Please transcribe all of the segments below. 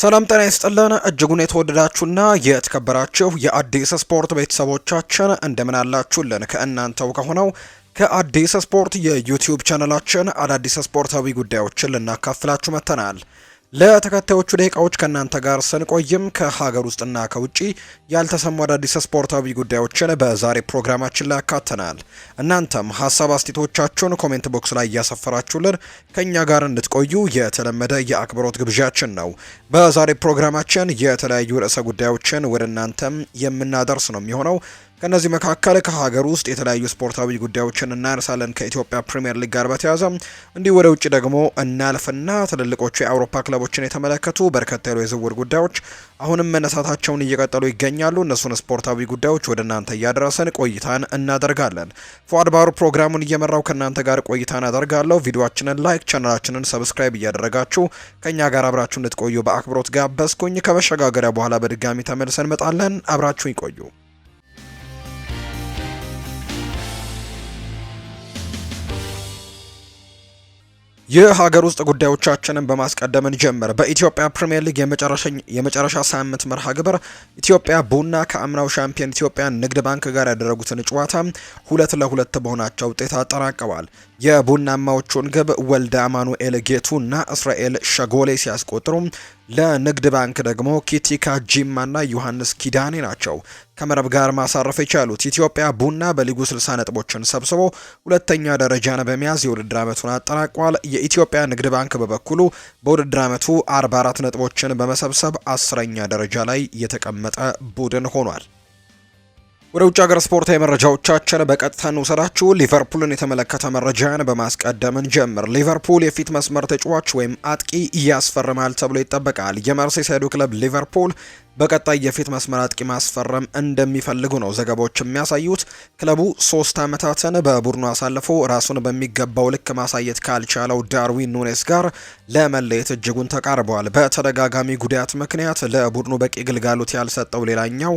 ሰላም ጤና ይስጥልን እጅጉን የተወደዳችሁና የተከበራችሁ የአዲስ ስፖርት ቤተሰቦቻችን እንደምን አላችሁልን? ከእናንተው ከሆነው ከአዲስ ስፖርት የዩቲዩብ ቻናላችን አዳዲስ ስፖርታዊ ጉዳዮችን ልናካፍላችሁ መጥተናል። ለተከታዮቹ ደቂቃዎች ከእናንተ ጋር ስንቆይም ከሀገር ውስጥና ከውጭ ያልተሰሙ አዳዲስ ስፖርታዊ ጉዳዮችን በዛሬ ፕሮግራማችን ላይ ያካተናል። እናንተም ሀሳብ አስቴቶቻችሁን ኮሜንት ቦክስ ላይ እያሰፈራችሁልን ከእኛ ጋር እንድትቆዩ የተለመደ የአክብሮት ግብዣችን ነው። በዛሬ ፕሮግራማችን የተለያዩ ርዕሰ ጉዳዮችን ወደ እናንተም የምናደርስ ነው የሚሆነው ከነዚህ መካከል ከሀገር ውስጥ የተለያዩ ስፖርታዊ ጉዳዮችን እናነሳለን ከኢትዮጵያ ፕሪምየር ሊግ ጋር በተያያዘ እንዲህ ወደ ውጭ ደግሞ እናልፍና ትልልቆቹ የአውሮፓ ክለቦችን የተመለከቱ በርከት ያሉ የዝውውር ጉዳዮች አሁንም መነሳታቸውን እየቀጠሉ ይገኛሉ። እነሱን ስፖርታዊ ጉዳዮች ወደ እናንተ እያደረሰን ቆይታን እናደርጋለን። ፉአድ ባሩ ፕሮግራሙን እየመራው ከእናንተ ጋር ቆይታን አደርጋለሁ። ቪዲዮችንን ላይክ፣ ቻናላችንን ሰብስክራይብ እያደረጋችሁ ከእኛ ጋር አብራችሁ እንድትቆዩ በአክብሮት ጋበዝኩኝ። ከመሸጋገሪያ በኋላ በድጋሚ ተመልሰን እንመጣለን። አብራችሁ ይቆዩ። የሀገር ውስጥ ጉዳዮቻችንን በማስቀደም ጀምር በኢትዮጵያ ፕሪምየር ሊግ የመጨረሻ ሳምንት መርሃ ግብር ኢትዮጵያ ቡና ከአምናው ሻምፒዮን ኢትዮጵያ ንግድ ባንክ ጋር ያደረጉትን ጨዋታ ሁለት ለሁለት በሆናቸው ውጤት አጠናቀዋል። የቡናማዎቹን ግብ ወልደ አማኑኤል እና እስራኤል ሸጎሌ ሲያስቆጥሩ ለንግድ ባንክ ደግሞ ኪቲካ ጂማና ዮሐንስ ኪዳኔ ናቸው ከመረብ ጋር ማሳረፍ የቻሉት ኢትዮጵያ ቡና በሊጉ 60 ነጥቦችን ሰብስቦ ሁለተኛ ደረጃን በመያዝ የውድድር ዓመቱን አጠናቋል። የኢትዮጵያ ንግድ ባንክ በበኩሉ በውድድር ዓመቱ 44 ነጥቦችን በመሰብሰብ አስረኛ ደረጃ ላይ የተቀመጠ ቡድን ሆኗል። ወደ ውጭ ሀገር ስፖርታዊ መረጃዎቻችን በቀጥታ እንውሰዳችሁ። ሊቨርፑልን የተመለከተ መረጃን በማስቀደምን ጀምር። ሊቨርፑል የፊት መስመር ተጫዋች ወይም አጥቂ ያስፈርማል ተብሎ ይጠበቃል። የመርሴሳይዱ ክለብ ሊቨርፑል በቀጣይ የፊት መስመር አጥቂ ማስፈረም እንደሚፈልጉ ነው ዘገባዎች የሚያሳዩት። ክለቡ ሶስት ዓመታትን በቡድኑ አሳልፎ ራሱን በሚገባው ልክ ማሳየት ካልቻለው ዳርዊን ኑኔስ ጋር ለመለየት እጅጉን ተቃርበዋል። በተደጋጋሚ ጉዳት ምክንያት ለቡድኑ በቂ ግልጋሎት ያልሰጠው ሌላኛው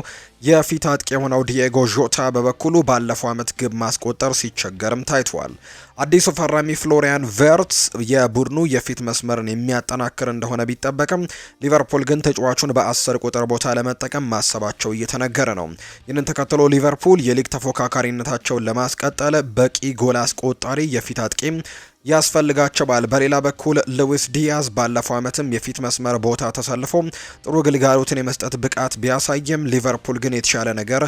የፊት አጥቂ የሆነው ዲየጎ ዦታ በበኩሉ ባለፈው ዓመት ግብ ማስቆጠር ሲቸገርም ታይቷል። አዲሱ ፈራሚ ፍሎሪያን ቨርትስ የቡድኑ የፊት መስመርን የሚያጠናክር እንደሆነ ቢጠበቅም ሊቨርፑል ግን ተጫዋቹን በአስር ቁጥር ቦታ ለመጠቀም ማሰባቸው እየተነገረ ነው። ይህንን ተከትሎ ሊቨርፑል የሊግ ተፎካካሪነታቸውን ለማስቀጠል በቂ ጎል አስቆጣሪ የፊት አጥቂ ያስፈልጋቸዋል። በሌላ በኩል ሉዊስ ዲያዝ ባለፈው ዓመትም የፊት መስመር ቦታ ተሰልፎ ጥሩ ግልጋሎትን የመስጠት ብቃት ቢያሳይም ሊቨርፑል ግን የተሻለ ነገር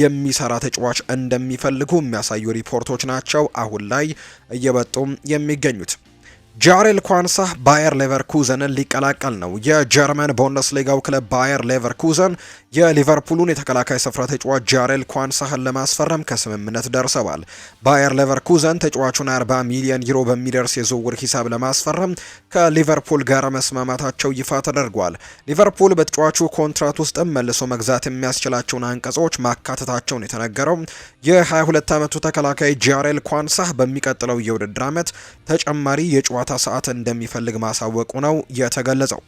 የሚሰራ ተጫዋች እንደሚፈልጉ የሚያሳዩ ሪፖርቶች ናቸው አሁን ላይ እየበጡ የሚገኙት። ጃሬል ኳንሳ ባየር ሌቨርኩዘንን ሊቀላቀል ነው። የጀርመን ቡንደስሊጋው ክለብ ባየር ሌቨርኩዘን የሊቨርፑሉን የተከላካይ ስፍራ ተጫዋች ጃሬል ኳንሳህን ለማስፈረም ከስምምነት ደርሰዋል። ባየር ሌቨርኩዘን ተጫዋቹን 40 ሚሊዮን ዩሮ በሚደርስ የዝውውር ሂሳብ ለማስፈረም ከሊቨርፑል ጋር መስማማታቸው ይፋ ተደርጓል። ሊቨርፑል በተጫዋቹ ኮንትራት ውስጥም መልሶ መግዛት የሚያስችላቸውን አንቀጾች ማካተታቸውን የተነገረው የ22 ዓመቱ ተከላካይ ጃሬል ኳንሳህ በሚቀጥለው የውድድር ዓመት ተጨማሪ የጨዋ የጨዋታ ሰዓት እንደሚፈልግ ማሳወቁ ነው የተገለጸው።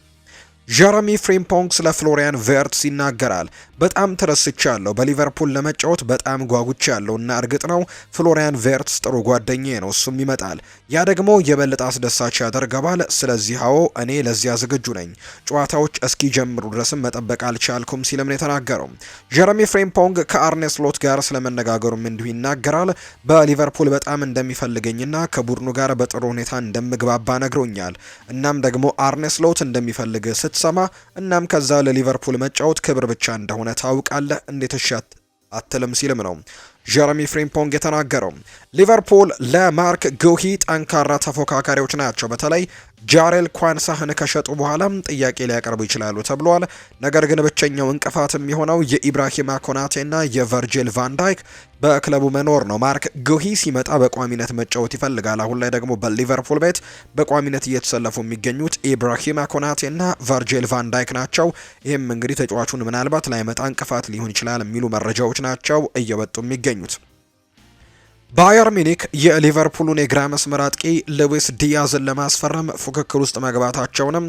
ጀረሚ ፍሪምፖንግ ስለ ፍሎሪያን ቬርትስ ይናገራል። በጣም ተረስቻለሁ። በሊቨርፑል ለመጫወት በጣም ጓጉቻለሁ እና እርግጥ ነው ፍሎሪያን ቬርትስ ጥሩ ጓደኛዬ ነው፣ እሱም ይመጣል። ያ ደግሞ የበለጠ አስደሳች ያደርገዋል። ስለዚህ አዎ፣ እኔ ለዚያ ዝግጁ ነኝ። ጨዋታዎች እስኪጀምሩ ድረስም መጠበቅ አልቻልኩም ሲልም ነው የተናገረው። ጀረሚ ፍሬምፖንግ ከአርኔ ስሎት ጋር ስለመነጋገሩም እንዲሁ ይናገራል። በሊቨርፑል በጣም እንደሚፈልገኝና ከቡድኑ ጋር በጥሩ ሁኔታ እንደምግባባ ነግሮኛል። እናም ደግሞ አርኔ ስሎት እንደሚፈልግ ስት ስትሰማ፣ እናም ከዛ ለሊቨርፑል መጫወት ክብር ብቻ እንደሆነ ታውቃለህ፣ እንዴት እሺ አትልም ሲልም ነው ጀረሚ ፍሪምፖንግ የተናገረው። ሊቨርፑል ለማርክ ጎሂ ጠንካራ ተፎካካሪዎች ናቸው። በተለይ ጃሬል ኳንሳህን ከሸጡ በኋላም ጥያቄ ሊያቀርቡ ይችላሉ ተብሏል። ነገር ግን ብቸኛው እንቅፋትም የሆነው የኢብራሂማ ኮናቴና የቨርጂል ቫንዳይክ በክለቡ መኖር ነው። ማርክ ጉሂ ሲመጣ በቋሚነት መጫወት ይፈልጋል። አሁን ላይ ደግሞ በሊቨርፑል ቤት በቋሚነት እየተሰለፉ የሚገኙት ኢብራሂማ ኮናቴና ቨርጂል ቫንዳይክ ናቸው። ይህም እንግዲህ ተጫዋቹን ምናልባት ላይመጣ እንቅፋት ሊሆን ይችላል የሚሉ መረጃዎች ናቸው እየወጡ የሚገኙት። ባየር ሚኒክ የሊቨርፑሉን የግራ መስመር አጥቂ ሉዊስ ዲያዝን ለማስፈረም ፉክክር ውስጥ መግባታቸውንም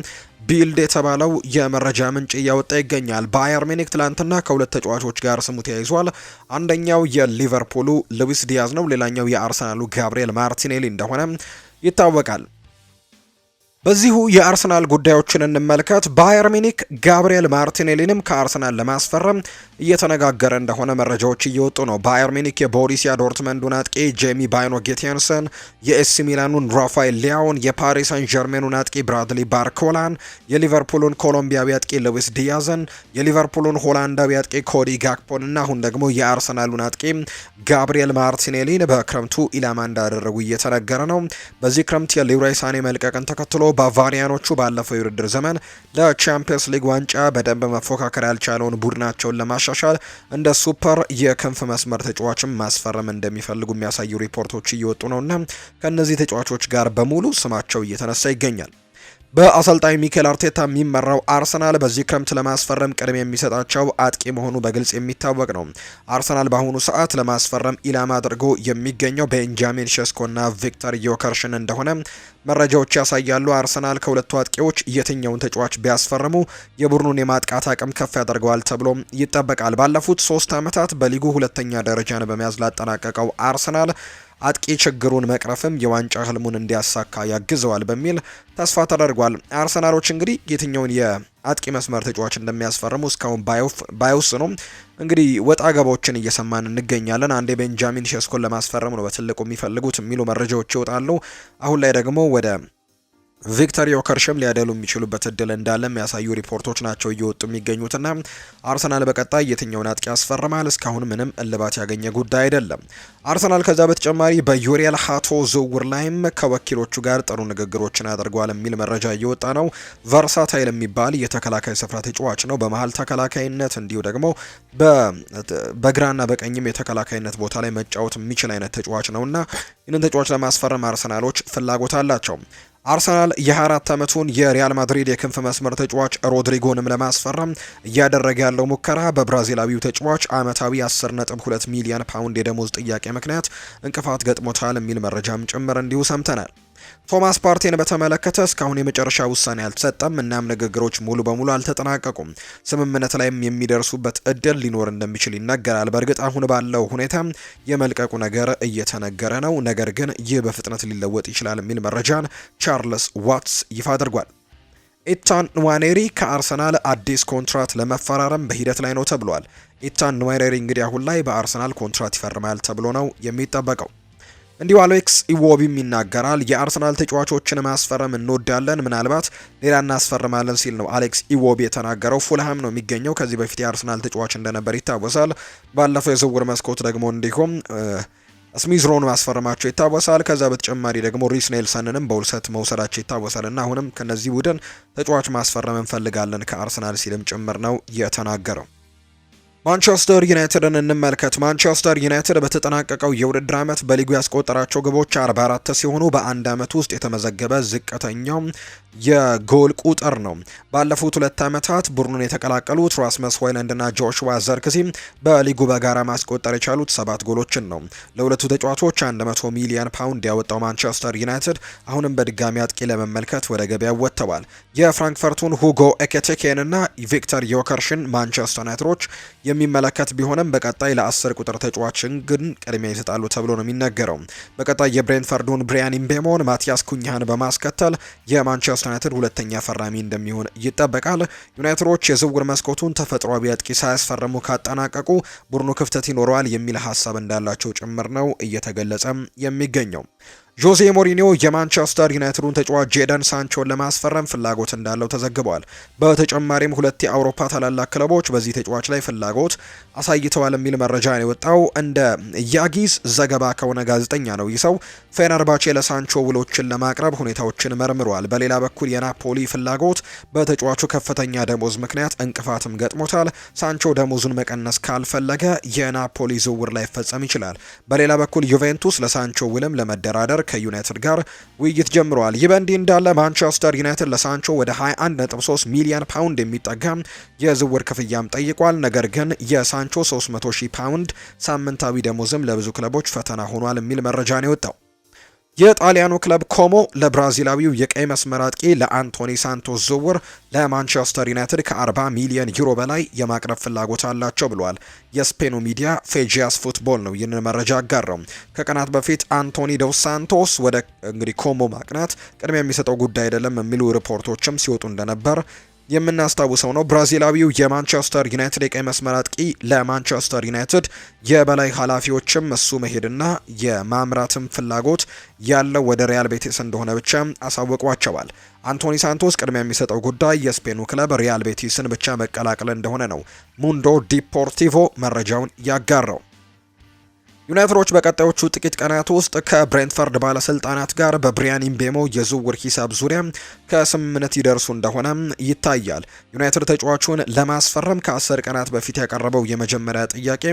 ቢልድ የተባለው የመረጃ ምንጭ እያወጣ ይገኛል። ባየር ሚኒክ ትላንትና ከሁለት ተጫዋቾች ጋር ስሙ ተያይዟል። አንደኛው የሊቨርፑሉ ሉዊስ ዲያዝ ነው። ሌላኛው የአርሰናሉ ጋብርኤል ማርቲኔሊ እንደሆነ ይታወቃል። በዚሁ የአርሰናል ጉዳዮችን እንመልከት። ባየር ሚኒክ ጋብሪኤል ማርቲኔሊንም ከአርሰናል ለማስፈረም እየተነጋገረ እንደሆነ መረጃዎች እየወጡ ነው። ባየር ሚኒክ የቦሪሲያ ዶርትመንዱን አጥቂ ጄሚ ባይኖ ጌቴንሰን፣ የኤሲ ሚላኑን ራፋኤል ሊያውን፣ የፓሪስ ሳን ጀርሜኑን አጥቂ ብራድሊ ባርኮላን፣ የሊቨርፑሉን ኮሎምቢያዊ አጥቂ ሉዊስ ዲያዘን፣ የሊቨርፑሉን ሆላንዳዊ አጥቂ ኮዲ ጋክፖን እና አሁን ደግሞ የአርሰናሉን አጥቂ ጋብሪኤል ማርቲኔሊን በክረምቱ ኢላማ እንዳደረጉ እየተነገረ ነው። በዚህ ክረምት የሊሮይ ሳኔ መልቀቅን ተከትሎ ባቫሪያኖቹ ባለፈው የውድድር ዘመን ለቻምፒየንስ ሊግ ዋንጫ በደንብ መፎካከር ያልቻለውን ቡድናቸውን ለማሻሻል እንደ ሱፐር የክንፍ መስመር ተጫዋችም ማስፈረም እንደሚፈልጉ የሚያሳዩ ሪፖርቶች እየወጡ ነውና ከእነዚህ ተጫዋቾች ጋር በሙሉ ስማቸው እየተነሳ ይገኛል። በአሰልጣኝ ሚኬል አርቴታ የሚመራው አርሰናል በዚህ ክረምት ለማስፈረም ቅድሚያ የሚሰጣቸው አጥቂ መሆኑ በግልጽ የሚታወቅ ነው። አርሰናል በአሁኑ ሰዓት ለማስፈረም ኢላማ አድርጎ የሚገኘው ቤንጃሚን ሸስኮና ቪክተር ዮከርሽን እንደሆነ መረጃዎች ያሳያሉ። አርሰናል ከሁለቱ አጥቂዎች የትኛውን ተጫዋች ቢያስፈርሙ የቡድኑን የማጥቃት አቅም ከፍ ያደርገዋል ተብሎ ይጠበቃል። ባለፉት ሶስት ዓመታት በሊጉ ሁለተኛ ደረጃን በመያዝ ላጠናቀቀው አርሰናል አጥቂ ችግሩን መቅረፍም የዋንጫ ህልሙን እንዲያሳካ ያግዘዋል በሚል ተስፋ ተደርጓል። አርሰናሎች እንግዲህ የትኛውን የአጥቂ መስመር ተጫዋች እንደሚያስፈርሙ እስካሁን ባይወስኑም እንግዲህ ወጣ ገባዎችን እየሰማን እንገኛለን። አንዴ ቤንጃሚን ሸስኮን ለማስፈረም ነው በትልቁ የሚፈልጉት የሚሉ መረጃዎች ይወጣሉ። አሁን ላይ ደግሞ ወደ ቪክተር ዮከርሽም ሊያደሉ የሚችሉበት እድል እንዳለ የሚያሳዩ ሪፖርቶች ናቸው እየወጡ የሚገኙትና አርሰናል በቀጣይ የትኛውን አጥቂ ያስፈርማል እስካሁን ምንም እልባት ያገኘ ጉዳይ አይደለም። አርሰናል ከዛ በተጨማሪ በዩሪየል ሀቶ ዝውውር ላይም ከወኪሎቹ ጋር ጥሩ ንግግሮችን አድርጓል የሚል መረጃ እየወጣ ነው። ቨርሳታይል የሚባል የተከላካይ ስፍራ ተጫዋች ነው። በመሀል ተከላካይነት እንዲሁ ደግሞ በግራና በቀኝም የተከላካይነት ቦታ ላይ መጫወት የሚችል አይነት ተጫዋች ነውና ይህንን ተጫዋች ለማስፈረም አርሰናሎች ፍላጎት አላቸው። አርሰናል የ24 ዓመቱን የሪያል ማድሪድ የክንፍ መስመር ተጫዋች ሮድሪጎንም ለማስፈረም እያደረገ ያለው ሙከራ በብራዚላዊው ተጫዋች ዓመታዊ 10.2 ሚሊዮን ፓውንድ የደሞዝ ጥያቄ ምክንያት እንቅፋት ገጥሞታል የሚል መረጃም ጭምር እንዲሁ ሰምተናል። ቶማስ ፓርቲን በተመለከተ እስካሁን የመጨረሻ ውሳኔ አልተሰጠም፣ እናም ንግግሮች ሙሉ በሙሉ አልተጠናቀቁም። ስምምነት ላይም የሚደርሱበት እድል ሊኖር እንደሚችል ይነገራል። በእርግጥ አሁን ባለው ሁኔታ የመልቀቁ ነገር እየተነገረ ነው፣ ነገር ግን ይህ በፍጥነት ሊለወጥ ይችላል የሚል መረጃን ቻርልስ ዋትስ ይፋ አድርጓል። ኢታን ንዋኔሪ ከአርሰናል አዲስ ኮንትራት ለመፈራረም በሂደት ላይ ነው ተብሏል። ኢታን ንዋኔሪ እንግዲህ አሁን ላይ በአርሰናል ኮንትራት ይፈርማል ተብሎ ነው የሚጠበቀው። እንዲሁ አሌክስ ኢዎቢም ይናገራል። የአርሰናል ተጫዋቾችን ማስፈረም እንወዳለን፣ ምናልባት ሌላ እናስፈርማለን ሲል ነው አሌክስ ኢዎቢ የተናገረው። ፉልሃም ነው የሚገኘው። ከዚህ በፊት የአርሰናል ተጫዋች እንደነበር ይታወሳል። ባለፈው የዝውውር መስኮት ደግሞ እንዲሁም ስሚዝሮን ማስፈረማቸው ይታወሳል። ከዛ በተጨማሪ ደግሞ ሪስ ኔልሰንንም በውልሰት መውሰዳቸው ይታወሳል እና አሁንም ከነዚህ ቡድን ተጫዋች ማስፈረም እንፈልጋለን ከአርሰናል ሲልም ጭምር ነው የተናገረው። ማንቸስተር ዩናይትድን እንመልከት። ማንቸስተር ዩናይትድ በተጠናቀቀው የውድድር ዓመት በሊጉ ያስቆጠራቸው ግቦች 44 ሲሆኑ በአንድ ዓመት ውስጥ የተመዘገበ ዝቅተኛው የጎል ቁጥር ነው። ባለፉት ሁለት ዓመታት ቡድኑን የተቀላቀሉት ራስመስ ሆይለንድና ጆሽዋ ዘርክሲ በሊጉ በጋራ ማስቆጠር የቻሉት ሰባት ጎሎችን ነው። ለሁለቱ ተጫዋቾች 100 ሚሊዮን ፓውንድ ያወጣው ማንቸስተር ዩናይትድ አሁንም በድጋሚ አጥቂ ለመመልከት ወደ ገበያው ወጥተዋል። የፍራንክፈርቱን ሁጎ ኤኬቴኬንና ቪክተር ዮከርሽን ማንቸስተር ዩናይትዶች የሚመለከት ቢሆንም በቀጣይ ለአስር ቁጥር ተጫዋችን ግን ቅድሚያ ይሰጣሉ ተብሎ ነው የሚነገረው። በቀጣይ የብሬንፈርዱን ብሪያን ኢምቤሞን ማቲያስ ኩኛህን በማስከተል የማንቸስተር ዩናይትድ ሁለተኛ ፈራሚ እንደሚሆን ይጠበቃል። ዩናይትዶች የዝውውር መስኮቱን ተፈጥሮ ቢያጥቂ ሳያስፈርሙ ካጠናቀቁ ቡድኑ ክፍተት ይኖረዋል የሚል ሀሳብ እንዳላቸው ጭምር ነው እየተገለጸም የሚገኘው። ጆዜ ሞሪኒዮ የማንቸስተር ዩናይትዱን ተጫዋች ጄደን ሳንቾን ለማስፈረም ፍላጎት እንዳለው ተዘግቧል። በተጨማሪም ሁለት የአውሮፓ ታላላቅ ክለቦች በዚህ ተጫዋች ላይ ፍላጎት አሳይተዋል የሚል መረጃ ነው የወጣው። እንደ ያጊዝ ዘገባ ከሆነ ጋዜጠኛ ነው ይህ ሰው ፌነርባቼ ለሳንቾ ውሎችን ለማቅረብ ሁኔታዎችን መርምሯል። በሌላ በኩል የናፖሊ ፍላጎት በተጫዋቹ ከፍተኛ ደሞዝ ምክንያት እንቅፋትም ገጥሞታል። ሳንቾ ደሞዙን መቀነስ ካልፈለገ የናፖሊ ዝውውር ላይፈጸም ይችላል። በሌላ በኩል ዩቬንቱስ ለሳንቾ ውልም ለመደራደር ከዩናይትድ ጋር ውይይት ጀምረዋል። ይህ በእንዲህ እንዳለ ማንቸስተር ዩናይትድ ለሳንቾ ወደ 21.3 ሚሊዮን ፓውንድ የሚጠጋ የዝውውር ክፍያም ጠይቋል። ነገር ግን የሳንቾ 300 ሺህ ፓውንድ ሳምንታዊ ደሞዝም ለብዙ ክለቦች ፈተና ሆኗል የሚል መረጃ ነው የወጣው። የጣሊያኑ ክለብ ኮሞ ለብራዚላዊው የቀይ መስመር አጥቂ ለአንቶኒ ሳንቶስ ዝውውር ለማንቸስተር ዩናይትድ ከ40 ሚሊዮን ዩሮ በላይ የማቅረብ ፍላጎት አላቸው ብሏል። የስፔኑ ሚዲያ ፌጂያስ ፉትቦል ነው ይህንን መረጃ አጋረው። ከቀናት በፊት አንቶኒ ደው ሳንቶስ ወደ እንግዲህ ኮሞ ማቅናት ቅድሚያ የሚሰጠው ጉዳይ አይደለም የሚሉ ሪፖርቶችም ሲወጡ እንደነበር የምናስታውሰው ነው። ብራዚላዊው የማንቸስተር ዩናይትድ የቀይ መስመር አጥቂ ለማንቸስተር ዩናይትድ የበላይ ኃላፊዎችም እሱ መሄድና የማምራትም ፍላጎት ያለው ወደ ሪያል ቤቲስ እንደሆነ ብቻ አሳውቋቸዋል። አንቶኒ ሳንቶስ ቅድሚያ የሚሰጠው ጉዳይ የስፔኑ ክለብ ሪያል ቤቲስን ብቻ መቀላቀል እንደሆነ ነው ሙንዶ ዲፖርቲቮ መረጃውን ያጋራው። ዩናይትዶች በቀጣዮቹ ጥቂት ቀናት ውስጥ ከብሬንትፈርድ ባለስልጣናት ጋር በብሪያን ኢምቤሞ የዝውውር ሂሳብ ዙሪያ ከስምምነት ይደርሱ እንደሆነ ይታያል። ዩናይትድ ተጫዋቹን ለማስፈረም ከአስር ቀናት በፊት ያቀረበው የመጀመሪያ ጥያቄ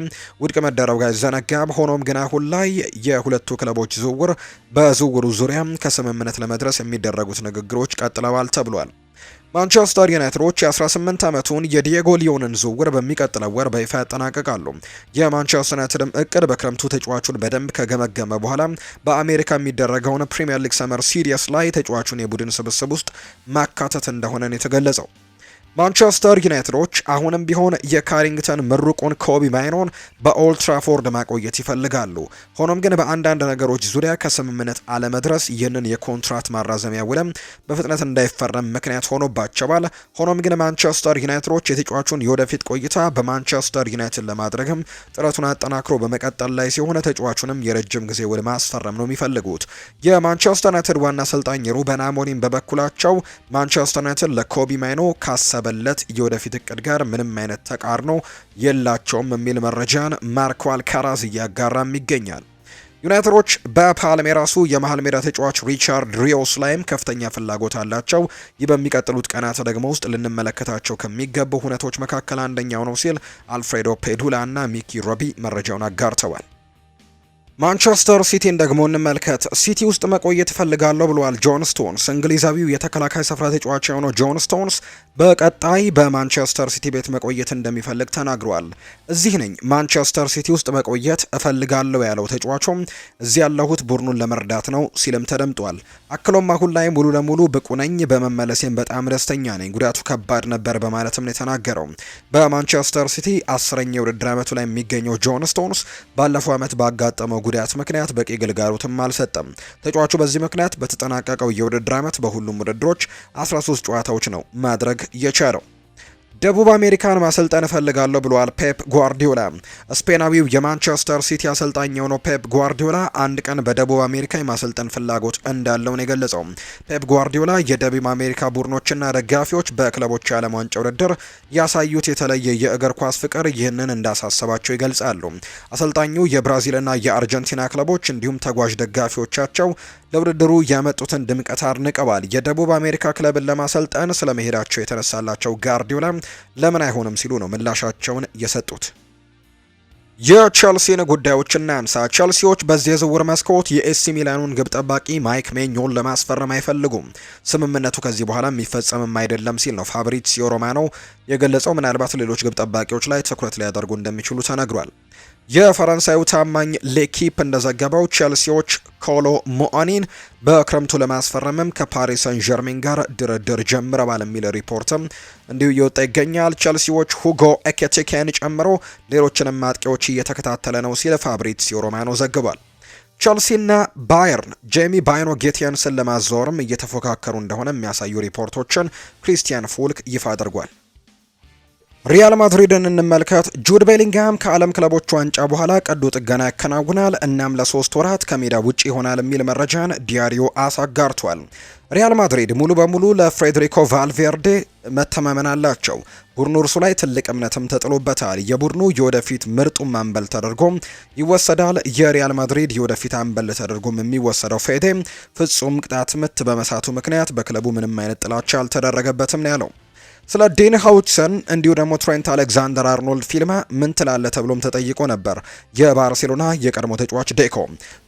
ውድቅ መደረጉ አይዘነጋም። ሆኖም ግን አሁን ላይ የሁለቱ ክለቦች ዝውውር በዝውውሩ ዙሪያ ከስምምነት ለመድረስ የሚደረጉት ንግግሮች ቀጥለዋል ተብሏል። ማንቸስተር ዩናይትዶች የ18 ዓመቱን የዲየጎ ሊዮንን ዝውውር በሚቀጥለው ወር በይፋ ያጠናቅቃሉ። የማንቸስተር ዩናይትድም እቅድ በክረምቱ ተጫዋቹን በደንብ ከገመገመ በኋላ በአሜሪካ የሚደረገውን ፕሪምየር ሊግ ሰመር ሲሪየስ ላይ ተጫዋቹን የቡድን ስብስብ ውስጥ ማካተት እንደሆነ ነው የተገለጸው። ማንቸስተር ዩናይትዶች አሁንም ቢሆን የካሪንግተን ምሩቁን ኮቢ ማይኖን በኦልትራፎርድ ማቆየት ይፈልጋሉ። ሆኖም ግን በአንዳንድ ነገሮች ዙሪያ ከስምምነት አለመድረስ ይህንን የኮንትራት ማራዘሚያ ውለም በፍጥነት እንዳይፈረም ምክንያት ሆኖባቸዋል። ሆኖም ግን ማንቸስተር ዩናይትዶች የተጫዋቹን የወደፊት ቆይታ በማንቸስተር ዩናይትድ ለማድረግም ጥረቱን አጠናክሮ በመቀጠል ላይ ሲሆን ተጫዋቹንም የረጅም ጊዜ ውል ማስፈረም ነው የሚፈልጉት። የማንቸስተር ዩናይትድ ዋና አሰልጣኝ ሩበን አሞሪም በበኩላቸው ማንቸስተር ዩናይትድ ለኮቢ ማይኖ ካሰ ከቀረበለት የወደፊት እቅድ ጋር ምንም አይነት ተቃርኖ የላቸውም የሚል መረጃን ማርኮ አልካራዝ እያጋራም ይገኛል። ዩናይትዶች በፓልሜራሱ የመሀል ሜዳ ተጫዋች ሪቻርድ ሪዮስ ላይም ከፍተኛ ፍላጎት አላቸው። ይህ በሚቀጥሉት ቀናት ደግሞ ውስጥ ልንመለከታቸው ከሚገቡ ሁነቶች መካከል አንደኛው ነው ሲል አልፍሬዶ ፔዱላ እና ሚኪ ሮቢ መረጃውን አጋርተዋል። ማንቸስተር ሲቲን ደግሞ እንመልከት። ሲቲ ውስጥ መቆየት እፈልጋለሁ ብለዋል ጆን ስቶንስ። እንግሊዛዊው የተከላካይ ስፍራ ተጫዋች የሆነው ጆን ስቶንስ በቀጣይ በማንቸስተር ሲቲ ቤት መቆየት እንደሚፈልግ ተናግሯል። እዚህ ነኝ፣ ማንቸስተር ሲቲ ውስጥ መቆየት እፈልጋለሁ ያለው ተጫዋቹም እዚህ ያለሁት ቡድኑን ለመርዳት ነው ሲልም ተደምጧል። አክሎም አሁን ላይ ሙሉ ለሙሉ ብቁ ነኝ፣ በመመለሴም በጣም ደስተኛ ነኝ፣ ጉዳቱ ከባድ ነበር በማለትም ነው የተናገረው። በማንቸስተር ሲቲ አስረኛ የውድድር ዓመቱ ላይ የሚገኘው ጆን ስቶንስ ባለፈው ዓመት ባጋጠመው ጉዳት ምክንያት በቂ ግልጋሎትም አልሰጠም። ተጫዋቹ በዚህ ምክንያት በተጠናቀቀው የውድድር ዓመት በሁሉም ውድድሮች 13 ጨዋታዎች ነው ማድረግ የቻለው። ደቡብ አሜሪካን ማሰልጠን እፈልጋለሁ ብሏል ፔፕ ጓርዲዮላ። ስፔናዊው የማንቸስተር ሲቲ አሰልጣኝ የሆነው ፔፕ ጓርዲዮላ አንድ ቀን በደቡብ አሜሪካ የማሰልጠን ፍላጎት እንዳለውን የገለጸው። ፔፕ ጓርዲዮላ የደቡብ አሜሪካ ቡድኖችና ደጋፊዎች በክለቦች የዓለም ዋንጫ ውድድር ያሳዩት የተለየ የእግር ኳስ ፍቅር ይህንን እንዳሳሰባቸው ይገልጻሉ። አሰልጣኙ የብራዚልና የአርጀንቲና ክለቦች እንዲሁም ተጓዥ ደጋፊዎቻቸው ለውድድሩ ያመጡትን ድምቀት አድንቀዋል። የደቡብ አሜሪካ ክለብን ለማሰልጠን ስለመሄዳቸው የተነሳላቸው ጓርዲዮላ ለምን አይሆንም ሲሉ ነው ምላሻቸውን የሰጡት። የቸልሲን ጉዳዮች እናንሳ። ቸልሲዎች በዚህ የዝውውር መስኮት የኤሲ ሚላኑን ግብ ጠባቂ ማይክ ሜኞን ለማስፈረም አይፈልጉም። ስምምነቱ ከዚህ በኋላ የሚፈጸምም አይደለም ሲል ነው ፋብሪዚዮ ሮማኖ የገለጸው። ምናልባት ሌሎች ግብ ጠባቂዎች ላይ ትኩረት ሊያደርጉ እንደሚችሉ ተነግሯል። የፈረንሳዩ ታማኝ ሌኪፕ እንደዘገበው ቼልሲዎች ኮሎ ሞኦኒን በክረምቱ ለማስፈረምም ከፓሪስ ሰን ጋር ድርድር ጀምረዋል የሚል ሪፖርትም እንዲሁ እየወጣ ይገኛል። ቼልሲዎች ሁጎ ኤኬቲኬን ጨምሮ ሌሎችንም አጥቂዎች እየተከታተለ ነው ሲል ፋብሪዚዮ ሮማኖ ዘግቧል። ቼልሲና ባየርን ጄሚ ባይኖ ጌቲያንስን ለማዛወርም እየተፎካከሩ እንደሆነ የሚያሳዩ ሪፖርቶችን ክሪስቲያን ፉልክ ይፋ አድርጓል። ሪያል ማድሪድን እንመልከት። ጁድ ቤሊንግሃም ከዓለም ክለቦች ዋንጫ በኋላ ቀዶ ጥገና ያከናውናል እናም ለሶስት ወራት ከሜዳ ውጭ ይሆናል የሚል መረጃን ዲያሪዮ አስ አጋርቷል። ሪያል ማድሪድ ሙሉ በሙሉ ለፍሬድሪኮ ቫልቬርዴ መተማመን አላቸው። ቡድኑ እርሱ ላይ ትልቅ እምነትም ተጥሎበታል። የቡድኑ የወደፊት ምርጡ አንበል ተደርጎም ይወሰዳል። የሪያል ማድሪድ የወደፊት አንበል ተደርጎም የሚወሰደው ፌዴ ፍጹም ቅጣት ምት በመሳቱ ምክንያት በክለቡ ምንም አይነት ጥላቻ አልተደረገበትም ነው ያለው ስለ ዴን ሀውችሰን እንዲሁ ደግሞ ትሬንት አሌክዛንደር አርኖልድ ፊርማ ምን ትላለ ተብሎም ተጠይቆ ነበር። የባርሴሎና የቀድሞ ተጫዋች ዴኮ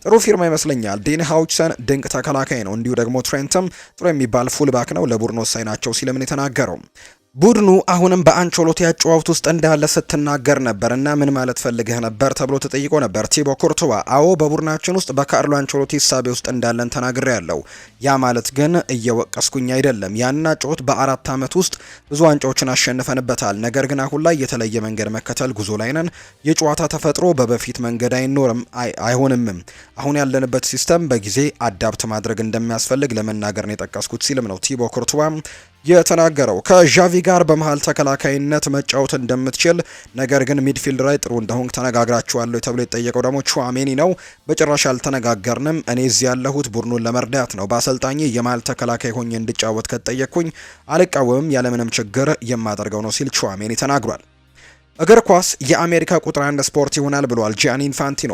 ጥሩ ፊርማ ይመስለኛል። ዴን ሀውችሰን ድንቅ ተከላካይ ነው፣ እንዲሁ ደግሞ ትሬንትም ጥሩ የሚባል ፉልባክ ነው፣ ለቡድን ወሳኝ ናቸው ሲልምን የተናገረው ቡድኑ አሁንም በአንቾሎቲ አጨዋወት ውስጥ እንዳለ ስትናገር ነበር እና ምን ማለት ፈልገህ ነበር ተብሎ ተጠይቆ ነበር ቲቦ ኩርቱዋ። አዎ በቡድናችን ውስጥ በካርሎ አንቾሎቲ እሳቤ ውስጥ እንዳለን ተናግሬ ያለው ያ ማለት ግን እየወቀስኩኝ አይደለም። ያና ጨዋት በአራት ዓመት ውስጥ ብዙ ዋንጫዎችን አሸንፈንበታል። ነገር ግን አሁን ላይ የተለየ መንገድ መከተል ጉዞ ላይ ነን። የጨዋታ ተፈጥሮ በበፊት መንገድ አይኖርም አይሆንምም። አሁን ያለንበት ሲስተም በጊዜ አዳብት ማድረግ እንደሚያስፈልግ ለመናገር ነው የጠቀስኩት ሲልም ነው ቲቦ ኩርቱዋ የተናገረው። ከዣቪ ጋር በመሀል ተከላካይነት መጫወት እንደምትችል ነገር ግን ሚድፊልድ ላይ ጥሩ እንደሆንክ ተነጋግራችኋለሁ ተብሎ የጠየቀው ደግሞ ቹዋሜኒ ነው። በጭራሽ አልተነጋገርንም። እኔ እዚህ ያለሁት ቡድኑን ለመርዳት ነው። በአሰልጣኝ የመሀል ተከላካይ ሆኜ እንድጫወት ከጠየቅኩኝ አልቃወምም፣ ያለምንም ችግር የማደርገው ነው ሲል ቹዋሜኒ ተናግሯል። እግር ኳስ የአሜሪካ ቁጥር አንድ ስፖርት ይሆናል ብሏል ጂያኒ ኢንፋንቲኖ።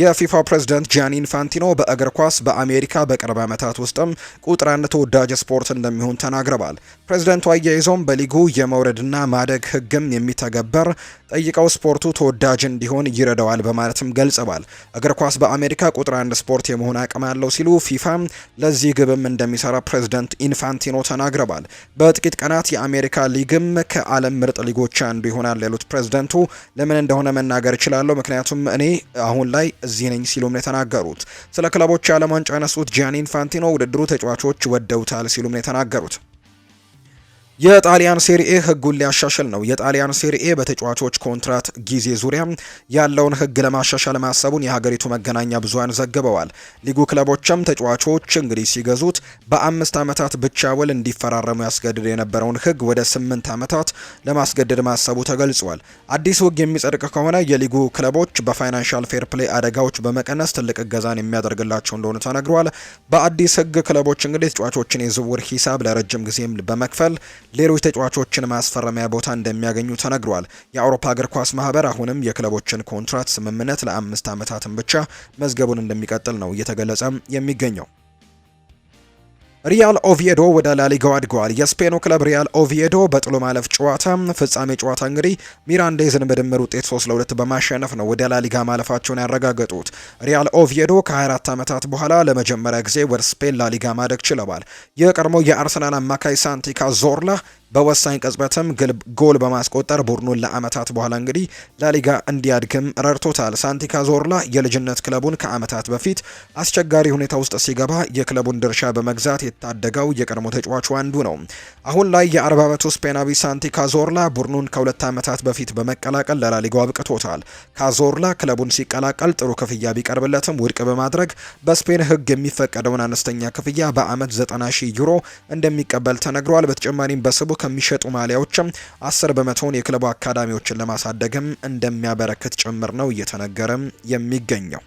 የፊፋ ፕሬዝዳንት ጂያኒ ኢንፋንቲኖ በእግር ኳስ በአሜሪካ በቅርብ ዓመታት ውስጥም ቁጥር አንድ ተወዳጅ ስፖርት እንደሚሆን ተናግረዋል። ፕሬዝደንቱ አያይዞም በሊጉ የመውረድና ማደግ ህግም የሚተገበር ጠይቀው ስፖርቱ ተወዳጅ እንዲሆን ይረዳዋል በማለትም ገልጸዋል። እግር ኳስ በአሜሪካ ቁጥር አንድ ስፖርት የመሆን አቅም አለው ሲሉ ፊፋ ለዚህ ግብም እንደሚሰራ ፕሬዝደንት ኢንፋንቲኖ ተናግረዋል። በጥቂት ቀናት የአሜሪካ ሊግም ከዓለም ምርጥ ሊጎች አንዱ ይሆናል ያሉት ፕሬዝደንቱ ለምን እንደሆነ መናገር እችላለሁ፣ ምክንያቱም እኔ አሁን ላይ እዚህ ነኝ ሲሉም ነው የተናገሩት። ስለ ክለቦች የዓለም ዋንጫ ያነሱት ጂያኒ ኢንፋንቲኖ ውድድሩ ተጫዋቾች ወደውታል ሲሉም ነው የተናገሩት። የጣሊያን ሴሪኤ ህጉን ሊያሻሽል ነው። የጣሊያን ሴሪኤ በተጫዋቾች ኮንትራት ጊዜ ዙሪያ ያለውን ህግ ለማሻሻል ማሰቡን የሀገሪቱ መገናኛ ብዙሃን ዘግበዋል። ሊጉ ክለቦችም ተጫዋቾች እንግዲህ ሲገዙት በአምስት ዓመታት ብቻ ውል እንዲፈራረሙ ያስገድድ የነበረውን ህግ ወደ ስምንት ዓመታት ለማስገደድ ማሰቡ ተገልጿል። አዲስ ህግ የሚጸድቅ ከሆነ የሊጉ ክለቦች በፋይናንሻል ፌር ፕሌይ አደጋዎች በመቀነስ ትልቅ እገዛን የሚያደርግላቸው እንደሆነ ተነግሯል። በአዲስ ህግ ክለቦች እንግዲህ ተጫዋቾችን የዝውውር ሂሳብ ለረጅም ጊዜም በመክፈል ሌሎች ተጫዋቾችን ማስፈረሚያ ቦታ እንደሚያገኙ ተነግሯል። የአውሮፓ እግር ኳስ ማህበር አሁንም የክለቦችን ኮንትራት ስምምነት ለአምስት ዓመታትን ብቻ መዝገቡን እንደሚቀጥል ነው እየተገለጸ የሚገኘው። ሪያል ኦቪዬዶ ወደ ላሊጋው አድገዋል። የስፔኑ ክለብ ሪያል ኦቪዬዶ በጥሎ ማለፍ ጨዋታ ፍጻሜ ጨዋታ እንግዲህ ሚራንዴዝን በድምር ውጤት 3 ለ2 በማሸነፍ ነው ወደ ላሊጋ ማለፋቸውን ያረጋገጡት። ሪያል ኦቪዬዶ ከ24 ዓመታት በኋላ ለመጀመሪያ ጊዜ ወደ ስፔን ላሊጋ ማደግ ችለዋል። የቀድሞ የአርሰናል አማካይ ሳንቲ ካዞርላ በወሳኝ ቅጽበትም ጎል በማስቆጠር ቡድኑን ለአመታት በኋላ እንግዲህ ላሊጋ እንዲያድግም ረድቶታል። ሳንቲ ካዞርላ የልጅነት ክለቡን ከአመታት በፊት አስቸጋሪ ሁኔታ ውስጥ ሲገባ የክለቡን ድርሻ በመግዛት የታደገው የቀድሞ ተጫዋቹ አንዱ ነው። አሁን ላይ የ40 ዓመቱ ስፔናዊ ሳንቲ ካዞርላ ቡድኑን ከሁለት ዓመታት በፊት በመቀላቀል ለላሊጋው አብቅቶታል። ካዞርላ ክለቡን ሲቀላቀል ጥሩ ክፍያ ቢቀርብለትም ውድቅ በማድረግ በስፔን ሕግ የሚፈቀደውን አነስተኛ ክፍያ በአመት 90 ሺህ ዩሮ እንደሚቀበል ተነግሯል። በተጨማሪም በስቡ ከሚሸጡ ማሊያዎችም አስር በመቶውን የክለቡ አካዳሚዎችን ለማሳደግም እንደሚያበረክት ጭምር ነው እየተነገረም የሚገኘው።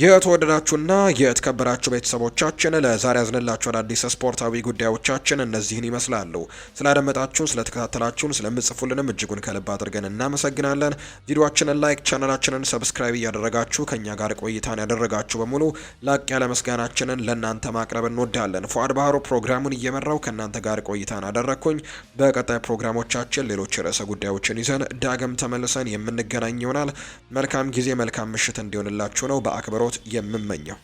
የተወደዳችሁና የተከበራችሁ ቤተሰቦቻችን ለዛሬ ያዝንላችሁ አዳዲስ ስፖርታዊ ጉዳዮቻችን እነዚህን ይመስላሉ። ስላደመጣችሁን፣ ስለተከታተላችሁን፣ ስለምጽፉልንም እጅጉን ከልብ አድርገን እናመሰግናለን። ቪዲዮችንን ላይክ፣ ቻናላችንን ሰብስክራይብ እያደረጋችሁ ከእኛ ጋር ቆይታን ያደረጋችሁ በሙሉ ላቅ ያለ ምስጋናችንን ለእናንተ ማቅረብ እንወዳለን። ፉአድ ባህሩ ፕሮግራሙን እየመራው ከእናንተ ጋር ቆይታን አደረግኩኝ። በቀጣይ ፕሮግራሞቻችን ሌሎች ርዕሰ ጉዳዮችን ይዘን ዳግም ተመልሰን የምንገናኝ ይሆናል። መልካም ጊዜ፣ መልካም ምሽት እንዲሆንላችሁ ነው በአክብሮ አክብሮት የምመኘው።